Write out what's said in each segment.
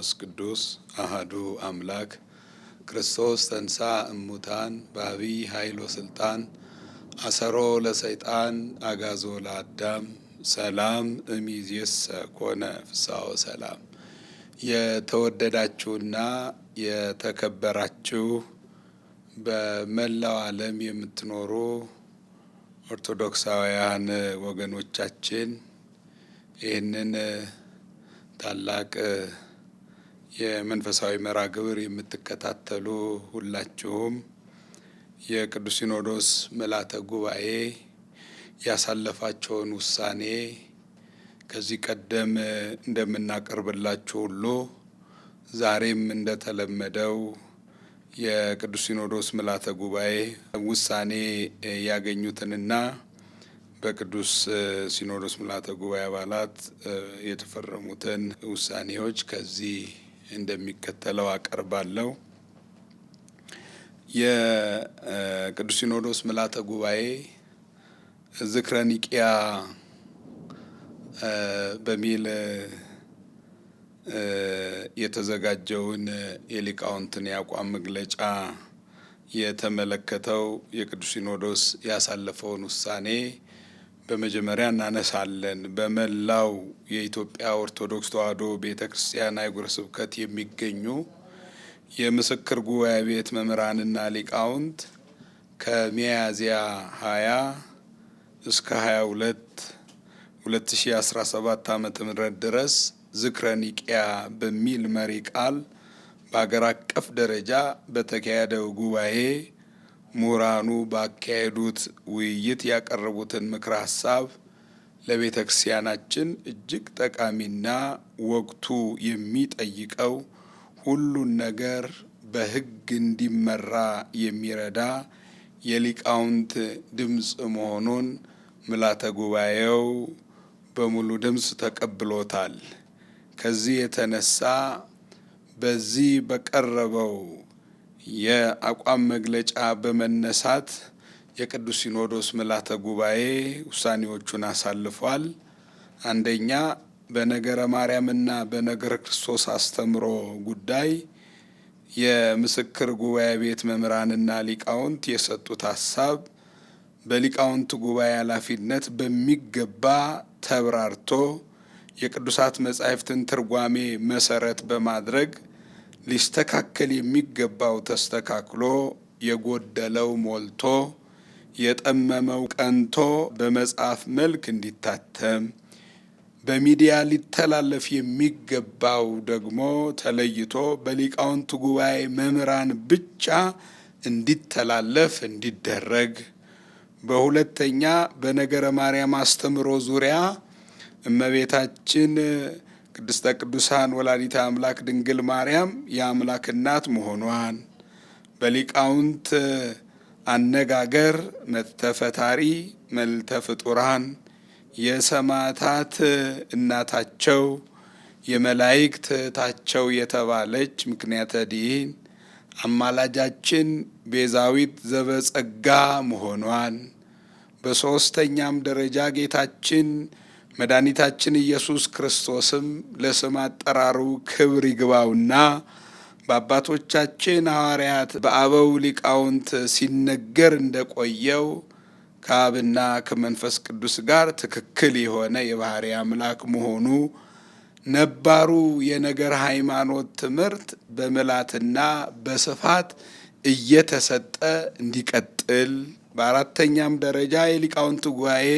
መንፈስ ቅዱስ አህዱ አምላክ ክርስቶስ ተንሳ እሙታን በአብይ ኃይል ወስልጣን አሰሮ ለሰይጣን አጋዞ ለአዳም ሰላም እሚዜሰ ኮነ ፍስሐ ሰላም። የተወደዳችሁና የተከበራችሁ በመላው ዓለም የምትኖሩ ኦርቶዶክሳውያን ወገኖቻችን ይህንን ታላቅ የመንፈሳዊ መርሃ ግብር የምትከታተሉ ሁላችሁም የቅዱስ ሲኖዶስ ምልዓተ ጉባኤ ያሳለፋቸውን ውሳኔ ከዚህ ቀደም እንደምናቀርብላችሁ ሁሉ ዛሬም እንደተለመደው የቅዱስ ሲኖዶስ ምልዓተ ጉባኤ ውሳኔ ያገኙትንና በቅዱስ ሲኖዶስ ምልዓተ ጉባኤ አባላት የተፈረሙትን ውሳኔዎች ከዚህ እንደሚከተለው አቀርባለሁ። የቅዱስ ሲኖዶስ ምልዓተ ጉባኤ ዝክረ በሚል የተዘጋጀውን የሊቃውንትን የአቋም መግለጫ የተመለከተው የቅዱስ ሲኖዶስ ያሳለፈውን ውሳኔ በመጀመሪያ እናነሳለን። በመላው የኢትዮጵያ ኦርቶዶክስ ተዋሕዶ ቤተ ክርስቲያን አህጉረ ስብከት የሚገኙ የምስክር ጉባኤ ቤት መምህራንና ሊቃውንት ከሚያዝያ 20 እስከ 22 2017 ዓ ም ድረስ ዝክረ ኒቅያ በሚል መሪ ቃል በአገር አቀፍ ደረጃ በተካሄደው ጉባኤ ምሁራኑ ባካሄዱት ውይይት ያቀረቡትን ምክረ ሀሳብ ለቤተ ክርስቲያናችን እጅግ ጠቃሚና ወቅቱ የሚጠይቀው ሁሉን ነገር በሕግ እንዲመራ የሚረዳ የሊቃውንት ድምፅ መሆኑን ምላተ ጉባኤው በሙሉ ድምፅ ተቀብሎታል። ከዚህ የተነሳ በዚህ በቀረበው የአቋም መግለጫ በመነሳት የቅዱስ ሲኖዶስ ምልዓተ ጉባኤ ውሳኔዎቹን አሳልፏል። አንደኛ በነገረ ማርያምና በነገረ ክርስቶስ አስተምሮ ጉዳይ የምስክር ጉባኤ ቤት መምህራንና ሊቃውንት የሰጡት ሀሳብ በሊቃውንት ጉባኤ ኃላፊነት በሚገባ ተብራርቶ የቅዱሳት መጻሕፍትን ትርጓሜ መሰረት በማድረግ ሊስተካከል የሚገባው ተስተካክሎ የጎደለው ሞልቶ የጠመመው ቀንቶ በመጽሐፍ መልክ እንዲታተም በሚዲያ ሊተላለፍ የሚገባው ደግሞ ተለይቶ በሊቃውንት ጉባኤ መምህራን ብቻ እንዲተላለፍ እንዲደረግ፣ በሁለተኛ በነገረ ማርያም አስተምሮ ዙሪያ እመቤታችን ቅድስተ ቅዱሳን ወላዲተ አምላክ ድንግል ማርያም የአምላክ እናት መሆኗን በሊቃውንት አነጋገር መተፈታሪ መልተፍጡራን የሰማዕታት እናታቸው የመላእክት እህታቸው የተባለች ምክንያተ ዲን አማላጃችን ቤዛዊት ዘበጸጋ መሆኗን በሦስተኛም ደረጃ ጌታችን መድኃኒታችን ኢየሱስ ክርስቶስም ለስም አጠራሩ ክብር ይግባውና በአባቶቻችን ሐዋርያት በአበው ሊቃውንት ሲነገር እንደቆየው ከአብና ከመንፈስ ቅዱስ ጋር ትክክል የሆነ የባሕርይ አምላክ መሆኑ ነባሩ የነገር ሃይማኖት ትምህርት በምላትና በስፋት እየተሰጠ እንዲቀጥል በአራተኛም ደረጃ የሊቃውንት ጉባኤ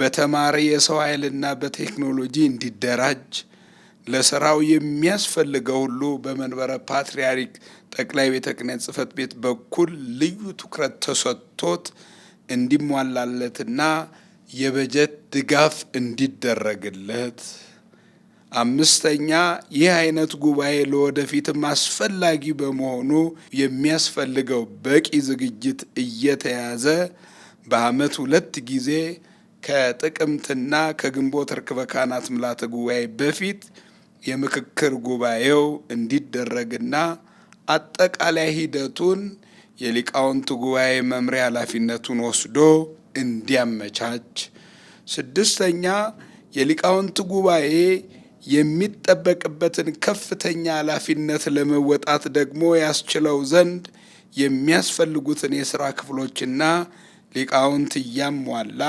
በተማሪ የሰው ኃይልና በቴክኖሎጂ እንዲደራጅ ለስራው የሚያስፈልገው ሁሉ በመንበረ ፓትርያርክ ጠቅላይ ቤተ ክህነት ጽሕፈት ቤት በኩል ልዩ ትኩረት ተሰጥቶት እንዲሟላለትና የበጀት ድጋፍ እንዲደረግለት። አምስተኛ ይህ አይነት ጉባኤ ለወደፊትም አስፈላጊ በመሆኑ የሚያስፈልገው በቂ ዝግጅት እየተያዘ በዓመት ሁለት ጊዜ ከጥቅምትና ከግንቦት ርክበ ካህናት ምልዓተ ጉባኤ በፊት የምክክር ጉባኤው እንዲደረግና አጠቃላይ ሂደቱን የሊቃውንት ጉባኤ መምሪያ ኃላፊነቱን ወስዶ እንዲያመቻች። ስድስተኛ የሊቃውንት ጉባኤ የሚጠበቅበትን ከፍተኛ ኃላፊነት ለመወጣት ደግሞ ያስችለው ዘንድ የሚያስፈልጉትን የስራ ክፍሎችና ሊቃውንት እያሟላ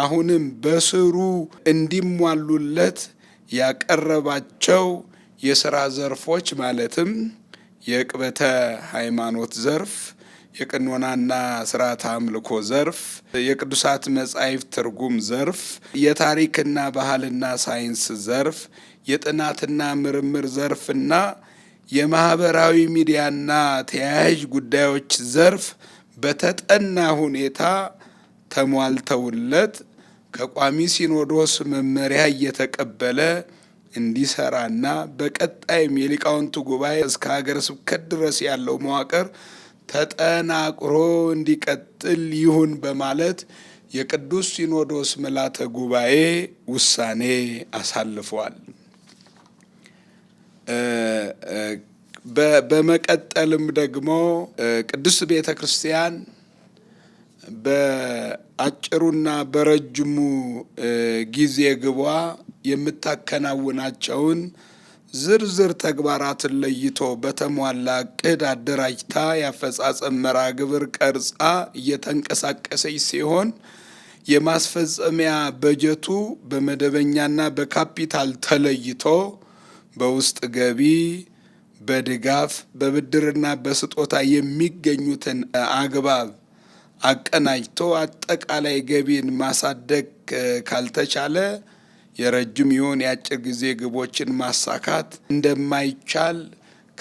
አሁንም በስሩ እንዲሟሉለት ያቀረባቸው የስራ ዘርፎች ማለትም የቅበተ ሃይማኖት ዘርፍ፣ የቅኖናና ስርዓተ አምልኮ ዘርፍ፣ የቅዱሳት መጻሕፍት ትርጉም ዘርፍ፣ የታሪክና ባህልና ሳይንስ ዘርፍ፣ የጥናትና ምርምር ዘርፍና የማህበራዊ ሚዲያና ተያያዥ ጉዳዮች ዘርፍ በተጠና ሁኔታ ተሟልተውለት ከቋሚ ሲኖዶስ መመሪያ እየተቀበለ እንዲሰራና በቀጣይም የሊቃውንቱ ጉባኤ እስከ ሀገረ ስብከት ድረስ ያለው መዋቅር ተጠናቅሮ እንዲቀጥል ይሁን በማለት የቅዱስ ሲኖዶስ ምልዓተ ጉባኤ ውሳኔ አሳልፏል። በመቀጠልም ደግሞ ቅዱስ ቤተ ክርስቲያን በአጭሩና በረጅሙ ጊዜ ግቧ የምታከናውናቸውን ዝርዝር ተግባራትን ለይቶ በተሟላ እቅድ አደራጅታ የአፈጻጸም መርሃ ግብር ቀርጻ እየተንቀሳቀሰች ሲሆን የማስፈጸሚያ በጀቱ በመደበኛና በካፒታል ተለይቶ በውስጥ ገቢ፣ በድጋፍ፣ በብድርና በስጦታ የሚገኙትን አግባብ አቀናጅቶ አጠቃላይ ገቢን ማሳደግ ካልተቻለ የረጅም ይሁን የአጭር ጊዜ ግቦችን ማሳካት እንደማይቻል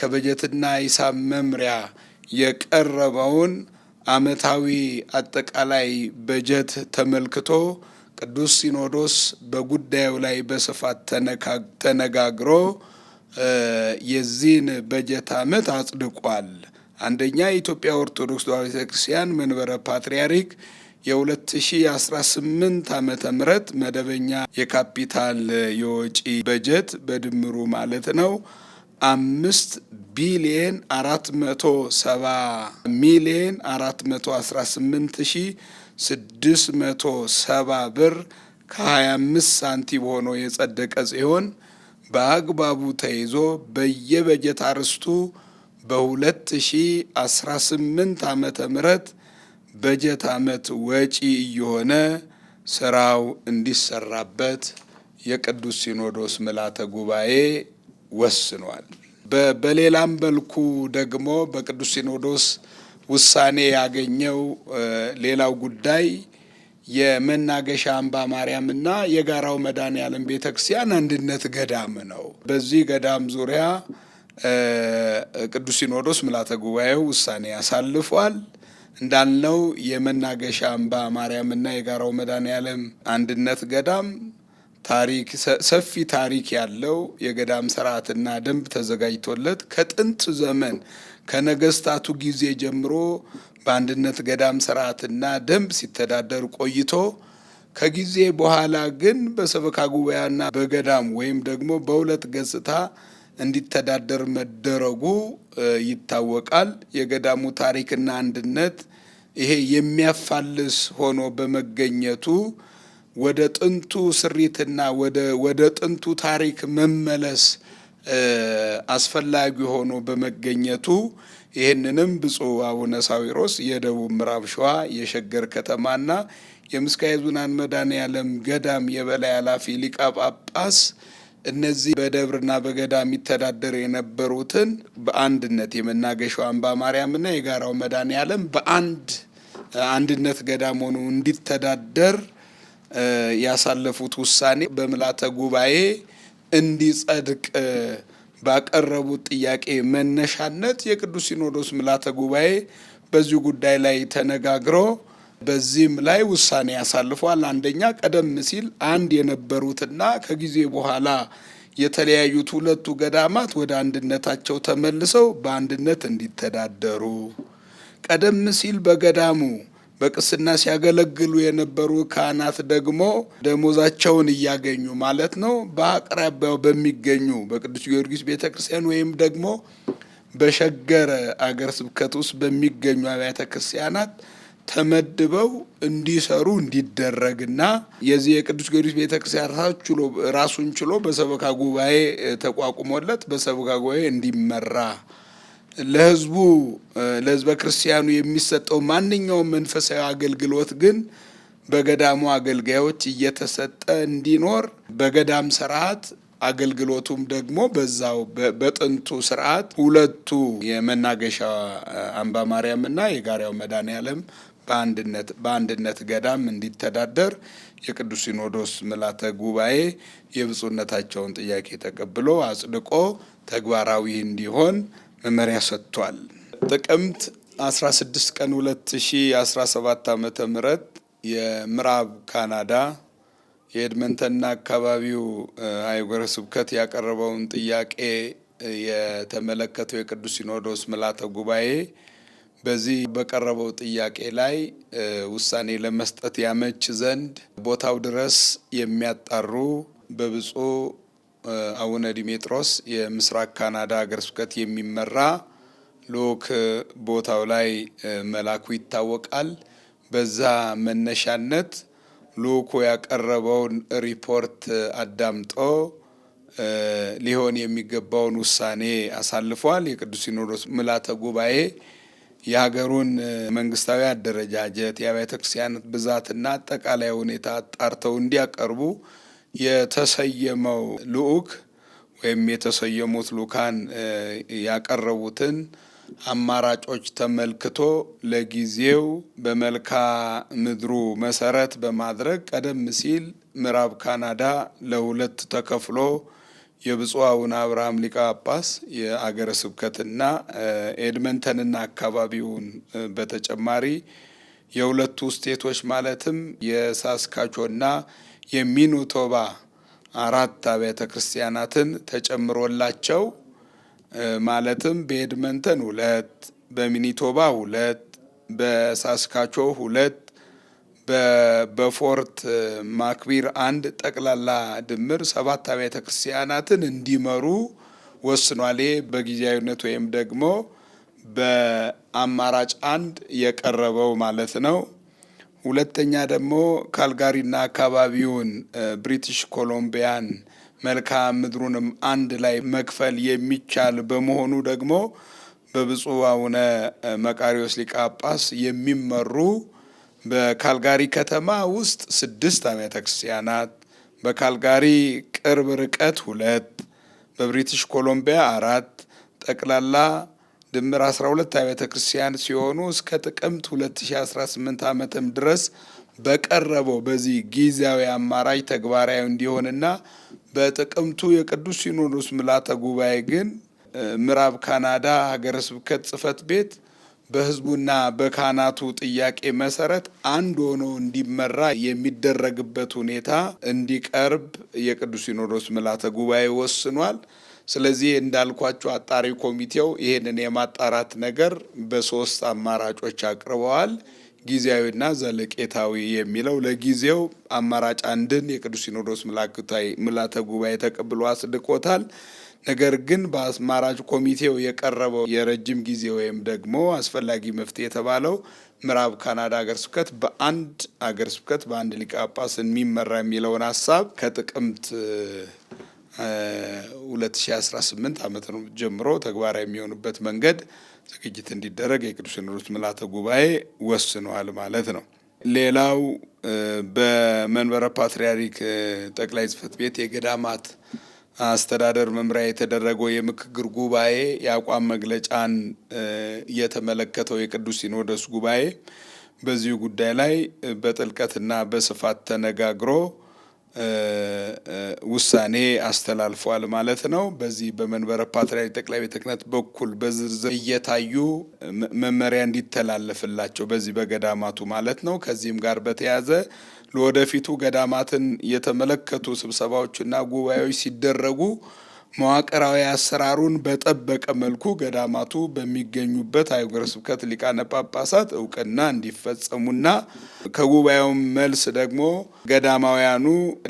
ከበጀትና ሂሳብ መምሪያ የቀረበውን ዓመታዊ አጠቃላይ በጀት ተመልክቶ ቅዱስ ሲኖዶስ በጉዳዩ ላይ በስፋት ተነጋግሮ የዚህን በጀት ዓመት አጽድቋል። አንደኛ የኢትዮጵያ ኦርቶዶክስ ተዋሕዶ ቤተክርስቲያን መንበረ ፓትርያርክ የ2018 ዓመተ ም መደበኛ የካፒታል የወጪ በጀት በድምሩ ማለት ነው አምስት ቢሊየን አራት መቶ ሰባ ሚሊየን አራት መቶ አስራ ስምንት ሺ ስድስት መቶ ሰባ ብር ከሀያ አምስት ሳንቲም ሆኖ የጸደቀ ሲሆን በአግባቡ ተይዞ በየበጀት አርስቱ በ2018 ዓመተ ምህረት በጀት ዓመት ወጪ እየሆነ ስራው እንዲሰራበት የቅዱስ ሲኖዶስ ምልዓተ ጉባኤ ወስኗል። በሌላም መልኩ ደግሞ በቅዱስ ሲኖዶስ ውሳኔ ያገኘው ሌላው ጉዳይ የመናገሻ አምባ ማርያም እና የጋራው መድኃኔ ያለም ቤተክርስቲያን አንድነት ገዳም ነው። በዚህ ገዳም ዙሪያ ቅዱስ ሲኖዶስ ምልዓተ ጉባኤው ውሳኔ ያሳልፏል። እንዳልነው የመናገሻ አምባ ማርያምና የጋራው መድኃኔዓለም አንድነት ገዳም ታሪክ ሰፊ ታሪክ ያለው የገዳም ስርዓትና ደንብ ተዘጋጅቶለት ከጥንት ዘመን ከነገስታቱ ጊዜ ጀምሮ በአንድነት ገዳም ስርዓትና ደንብ ሲተዳደር ቆይቶ ከጊዜ በኋላ ግን በሰበካ ጉባኤና በገዳም ወይም ደግሞ በሁለት ገጽታ እንዲተዳደር መደረጉ ይታወቃል። የገዳሙ ታሪክና አንድነት ይሄ የሚያፋልስ ሆኖ በመገኘቱ ወደ ጥንቱ ስሪትና ወደ ጥንቱ ታሪክ መመለስ አስፈላጊ ሆኖ በመገኘቱ ይህንንም ብፁዕ አቡነ ሳዊሮስ የደቡብ ምዕራብ ሸዋ የሸገር ከተማና የምስካየ ኅዙናን መድኃኔ ዓለም ገዳም የበላይ ኃላፊ ሊቀ ጳጳስ እነዚህ በደብርና በገዳ የሚተዳደር የነበሩትን በአንድነት የመናገሻው አምባ ማርያምና የጋራው መድኃኔ ዓለም በአንድ አንድነት ገዳም ሆኖ እንዲተዳደር ያሳለፉት ውሳኔ በምልዓተ ጉባኤ እንዲጸድቅ ባቀረቡት ጥያቄ መነሻነት የቅዱስ ሲኖዶስ ምልዓተ ጉባኤ በዚሁ ጉዳይ ላይ ተነጋግረው በዚህም ላይ ውሳኔ ያሳልፏል። አንደኛ ቀደም ሲል አንድ የነበሩትና ከጊዜ በኋላ የተለያዩት ሁለቱ ገዳማት ወደ አንድነታቸው ተመልሰው በአንድነት እንዲተዳደሩ፣ ቀደም ሲል በገዳሙ በቅስና ሲያገለግሉ የነበሩ ካህናት ደግሞ ደሞዛቸውን እያገኙ ማለት ነው በአቅራቢያው በሚገኙ በቅዱስ ጊዮርጊስ ቤተክርስቲያን ወይም ደግሞ በሸገረ አገር ስብከት ውስጥ በሚገኙ አብያተ ክርስቲያናት ተመድበው እንዲሰሩ እንዲደረግና የዚህ የቅዱስ ጊዮርጊስ ቤተክርስቲያን ራሱን ችሎ በሰበካ ጉባኤ ተቋቁሞለት በሰበካ ጉባኤ እንዲመራ ለህዝቡ ለህዝበ ክርስቲያኑ የሚሰጠው ማንኛውም መንፈሳዊ አገልግሎት ግን በገዳሙ አገልጋዮች እየተሰጠ እንዲኖር በገዳም ስርዓት አገልግሎቱም ደግሞ በዛው በጥንቱ ስርዓት ሁለቱ የመናገሻ አምባ ማርያምና የጋሪያው መድኃኔ በአንድነት በአንድነት ገዳም እንዲተዳደር የቅዱስ ሲኖዶስ ምልዓተ ጉባኤ የብፁዕነታቸውን ጥያቄ ተቀብሎ አጽድቆ ተግባራዊ እንዲሆን መመሪያ ሰጥቷል። ጥቅምት 16 ቀን 2017 ዓ ም የምዕራብ ካናዳ የኤድመንተንና አካባቢው አህጉረ ስብከት ያቀረበውን ጥያቄ የተመለከተው የቅዱስ ሲኖዶስ ምልዓተ ጉባኤ በዚህ በቀረበው ጥያቄ ላይ ውሳኔ ለመስጠት ያመች ዘንድ ቦታው ድረስ የሚያጣሩ በብፁዕ አቡነ ዲሜጥሮስ የምስራቅ ካናዳ ሀገረ ስብከት የሚመራ ልዑክ ቦታው ላይ መላኩ ይታወቃል። በዛ መነሻነት ልዑኩ ያቀረበውን ሪፖርት አዳምጦ ሊሆን የሚገባውን ውሳኔ አሳልፏል። የቅዱስ ሲኖዶስ ምልዓተ ጉባኤ የሀገሩን መንግስታዊ አደረጃጀት የአብያተ ክርስቲያናት ብዛትና አጠቃላይ ሁኔታ አጣርተው እንዲያቀርቡ የተሰየመው ልዑክ ወይም የተሰየሙት ልዑካን ያቀረቡትን አማራጮች ተመልክቶ ለጊዜው በመልካ ምድሩ መሰረት በማድረግ ቀደም ሲል ምዕራብ ካናዳ ለሁለት ተከፍሎ የብፁዕ አቡነ አብርሃም ሊቀ ጳጳስ የአገረ ስብከትና ኤድመንተንና አካባቢውን በተጨማሪ የሁለቱ ስቴቶች ማለትም የሳስካቾና የሚኒቶባ አራት አብያተ ክርስቲያናትን ተጨምሮላቸው ማለትም በኤድመንተን ሁለት፣ በሚኒቶባ ሁለት፣ በሳስካቾ ሁለት በፎርት ማክቢር አንድ ጠቅላላ ድምር ሰባት አብያተ ክርስቲያናትን እንዲመሩ ወስኗል። በጊዜያዊነት ወይም ደግሞ በአማራጭ አንድ የቀረበው ማለት ነው። ሁለተኛ ደግሞ ካልጋሪና አካባቢውን ብሪቲሽ ኮሎምቢያን መልክዓ ምድሩንም አንድ ላይ መክፈል የሚቻል በመሆኑ ደግሞ በብፁዕ አቡነ መቃሪዎስ ሊቀ ጳጳስ የሚመሩ በካልጋሪ ከተማ ውስጥ ስድስት አብያተ ክርስቲያናት፣ በካልጋሪ ቅርብ ርቀት ሁለት፣ በብሪቲሽ ኮሎምቢያ አራት፣ ጠቅላላ ድምር 12 አብያተ ክርስቲያን ሲሆኑ እስከ ጥቅምት 2018 ዓመትም ድረስ በቀረበው በዚህ ጊዜያዊ አማራጭ ተግባራዊ እንዲሆንና በጥቅምቱ የቅዱስ ሲኖዶስ ምልዓተ ጉባኤ ግን ምዕራብ ካናዳ ሀገረ ስብከት ጽሕፈት ቤት በህዝቡና በካህናቱ ጥያቄ መሰረት አንድ ሆኖ እንዲመራ የሚደረግበት ሁኔታ እንዲቀርብ የቅዱስ ሲኖዶስ ምልዓተ ጉባኤ ወስኗል። ስለዚህ እንዳልኳቸው አጣሪ ኮሚቴው ይህንን የማጣራት ነገር በሶስት አማራጮች አቅርበዋል። ጊዜያዊና ዘለቄታዊ የሚለው ለጊዜው አማራጭ አንድን የቅዱስ ሲኖዶስ ምልዓተ ጉባኤ ተቀብሎ አጽድቆታል። ነገር ግን በአስማራጭ ኮሚቴው የቀረበው የረጅም ጊዜ ወይም ደግሞ አስፈላጊ መፍትሄ የተባለው ምዕራብ ካናዳ አገር ስብከት በአንድ አገር ስብከት በአንድ ሊቀ ጳጳስ የሚመራ የሚለውን ሀሳብ ከጥቅምት 2018 ዓመት ጀምሮ ተግባራዊ የሚሆኑበት መንገድ ዝግጅት እንዲደረግ የቅዱስ ሲኖዶስ ምልዓተ ጉባኤ ወስኗል ማለት ነው። ሌላው በመንበረ ፓትርያርክ ጠቅላይ ጽሕፈት ቤት የገዳማት አስተዳደር መምሪያ የተደረገው የምክክር ጉባኤ የአቋም መግለጫን የተመለከተው የቅዱስ ሲኖዶስ ጉባኤ በዚሁ ጉዳይ ላይ በጥልቀትና በስፋት ተነጋግሮ ውሳኔ አስተላልፏል ማለት ነው። በዚህ በመንበረ ፓትርያርክ ጠቅላይ ቤተ ክህነት በኩል በዝርዝር እየታዩ መመሪያ እንዲተላለፍላቸው በዚህ በገዳማቱ ማለት ነው። ከዚህም ጋር በተያያዘ ለወደፊቱ ገዳማትን የተመለከቱ ስብሰባዎችና ጉባኤዎች ሲደረጉ መዋቅራዊ አሰራሩን በጠበቀ መልኩ ገዳማቱ በሚገኙበት አህጉረ ስብከት ሊቃነ ጳጳሳት እውቅና እንዲፈጸሙና ከጉባኤው መልስ ደግሞ ገዳማውያኑ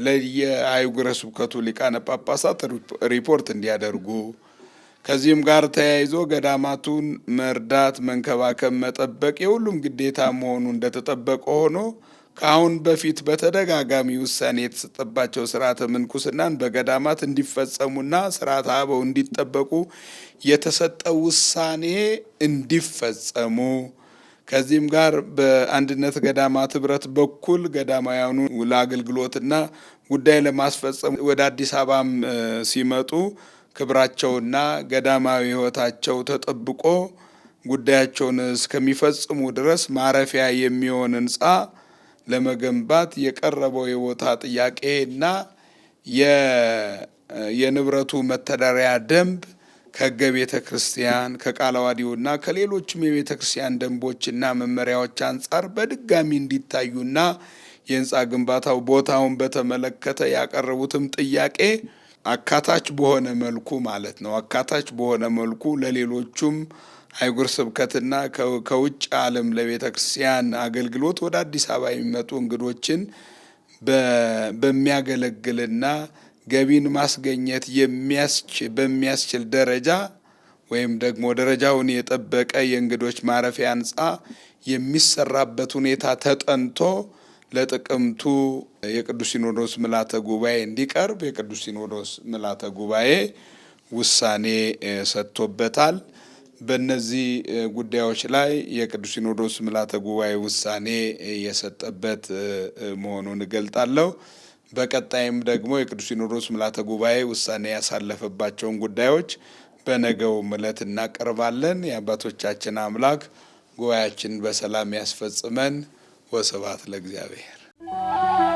ለየአህጉረ ስብከቱ ሊቃነ ጳጳሳት ሪፖርት እንዲያደርጉ ከዚህም ጋር ተያይዞ ገዳማቱን መርዳት፣ መንከባከብ፣ መጠበቅ የሁሉም ግዴታ መሆኑ እንደተጠበቀ ሆኖ ከአሁን በፊት በተደጋጋሚ ውሳኔ የተሰጠባቸው ስርዓተ ምንኩስናን በገዳማት እንዲፈጸሙና ስርዓተ አበው እንዲጠበቁ የተሰጠ ውሳኔ እንዲፈጸሙ ከዚህም ጋር በአንድነት ገዳማት ህብረት በኩል ገዳማውያኑ ለአገልግሎትና ጉዳይ ለማስፈጸም ወደ አዲስ አበባም ሲመጡ ክብራቸውና ገዳማዊ ህይወታቸው ተጠብቆ ጉዳያቸውን እስከሚፈጽሙ ድረስ ማረፊያ የሚሆን ህንፃ ለመገንባት የቀረበው የቦታ ጥያቄ እና የንብረቱ መተዳደሪያ ደንብ ከሕገ ቤተ ክርስቲያን ከቃለ ዓዋዲውና ከሌሎችም የቤተ ክርስቲያን ደንቦችና መመሪያዎች አንጻር በድጋሚ እንዲታዩና የህንፃ ግንባታው ቦታውን በተመለከተ ያቀረቡትም ጥያቄ አካታች በሆነ መልኩ ማለት ነው አካታች በሆነ መልኩ ለሌሎቹም አይጉር ስብከትና ከውጭ ዓለም ለቤተ ክርስቲያን አገልግሎት ወደ አዲስ አበባ የሚመጡ እንግዶችን በሚያገለግልና ገቢን ማስገኘት በሚያስችል ደረጃ ወይም ደግሞ ደረጃውን የጠበቀ የእንግዶች ማረፊያ ህንፃ የሚሰራበት ሁኔታ ተጠንቶ ለጥቅምቱ የቅዱስ ሲኖዶስ ምልዓተ ጉባኤ እንዲቀርብ የቅዱስ ሲኖዶስ ምልዓተ ጉባኤ ውሳኔ ሰጥቶበታል። በእነዚህ ጉዳዮች ላይ የቅዱስ ሲኖዶስ ምልዓተ ጉባኤ ውሳኔ የሰጠበት መሆኑን እገልጣለሁ። በቀጣይም ደግሞ የቅዱስ ሲኖዶስ ምልዓተ ጉባኤ ውሳኔ ያሳለፈባቸውን ጉዳዮች በነገው ምለት እናቀርባለን። የአባቶቻችን አምላክ ጉባኤያችን በሰላም ያስፈጽመን። ወስብሐት ለእግዚአብሔር።